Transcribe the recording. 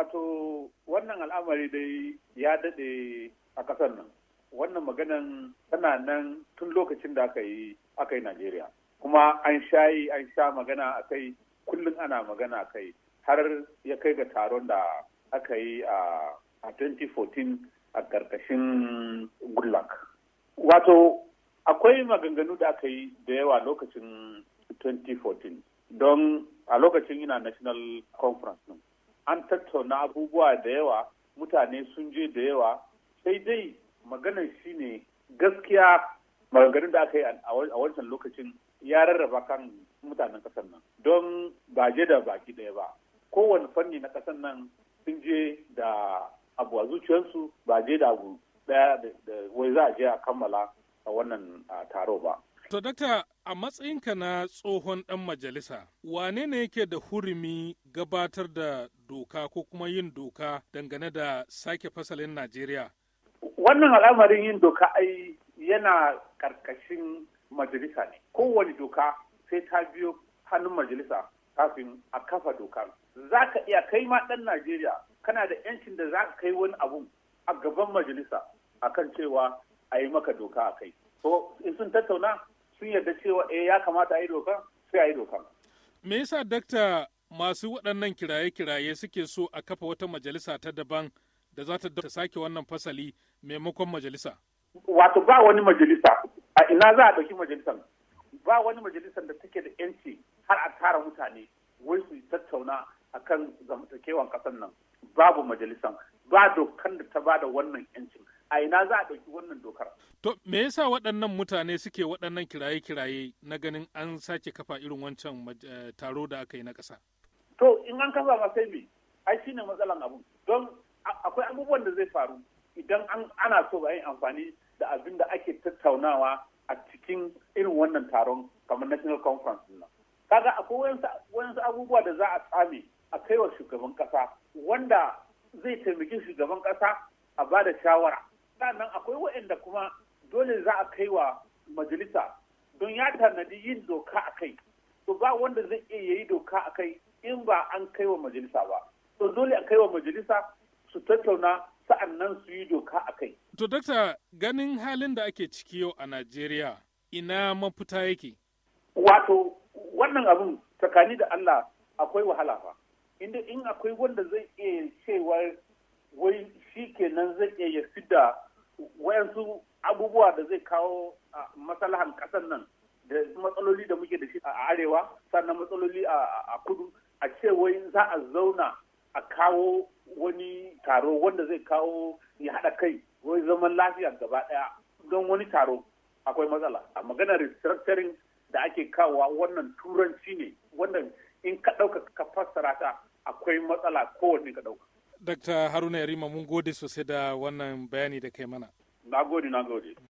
Wato wannan al'amari dai ya daɗe a ƙasar nan. Wannan maganan tana nan tun lokacin da aka yi aka yi Najeriya. Kuma an sha yi an sha magana a kai kullum ana magana a kai har ya kai ga taron da aka yi a 2014 a ƙarƙashin Goodluck. Wato akwai maganganu da aka yi da yawa lokacin 2014 don a lokacin ina national conference an tattauna abubuwa da yawa mutane sun je da yawa sai dai maganar ne gaskiya maganganun da aka yi a wancan lokacin ya rarraba kan mutanen ƙasar nan don ba je da baki ɗaya ba kowane fanni na ƙasar nan sun je da abu a zuciyarsu ba je da abu ɗaya da wai za a je a kammala a wannan taro ba To, dakta a matsayinka na tsohon ɗan majalisa, wane ne yake da hurumi gabatar da doka ko kuma yin doka dangane da sake fasalin Najeriya? Wannan al'amarin yin doka ai yana karkashin majalisa ne. Kowane doka sai ta biyo hannun majalisa kafin a kafa doka Za ka iya kai ma ɗan Najeriya kana da 'yancin da za ka kai wani abu a gaban majalisa a kan cewa a yi maka doka a kai. So in sun tattauna sun yarda cewa eh ya kamata a yi doka sai a yi doka. Me yasa Dokta masu waɗannan kiraye-kiraye suke so a kafa wata majalisa ta daban da za ta sake wannan fasali maimakon majalisa. Wato ba wani majalisa a ina za a ɗauki majalisan ba wani majalisan da take da yanci har a tara mutane wai su tattauna a kan zamantakewan ƙasar nan babu majalisan ba dokan da ta ba da wannan yancin a ina za a ɗauki wannan dokar. To me yasa waɗannan mutane suke waɗannan kiraye-kiraye na ganin an sake kafa irin wancan eh, taro da aka yi na ƙasa? to in an kafa ma sai me ai shine matsalan abu don akwai abubuwan da zai faru idan ana so ba yin amfani da abin da ake tattaunawa a cikin irin wannan taron kamar national conference nan kaga akwai wayansu abubuwa da za a tsame a kaiwa shugaban kasa wanda zai taimaki shugaban kasa a ba da shawara sannan akwai waɗanda kuma dole za a kai wa majalisa don ya tanadi yin doka a kai to ba wanda zai iya yi doka a kai kaiwa majalisa ba to dole a kaiwa majalisa su tattauna sa'annan su yi doka a kai to dakta ganin halin da ake ciki yau a najeriya ina mafita yake wato wannan abin tsakani da allah akwai wahala fa inda in akwai wanda zai iya cewa wai shi kenan zai iya fidda wayansu abubuwa da zai kawo masalahan ƙasar nan da matsaloli da muke da shi a arewa sannan matsaloli a kudu a ce wai za a zauna a kawo wani taro wanda zai kawo ya haɗa kai wai zaman lafiya gaba ɗaya don wani taro akwai matsala a maganar restructuring da ake kawowa wannan turanci ne wannan in ka ɗauka ka fassara ta akwai matsala kowanne ka ɗauka. Dr. Haruna Yarima mun gode sosai da wannan bayani da kai mana. Na gode, na gode.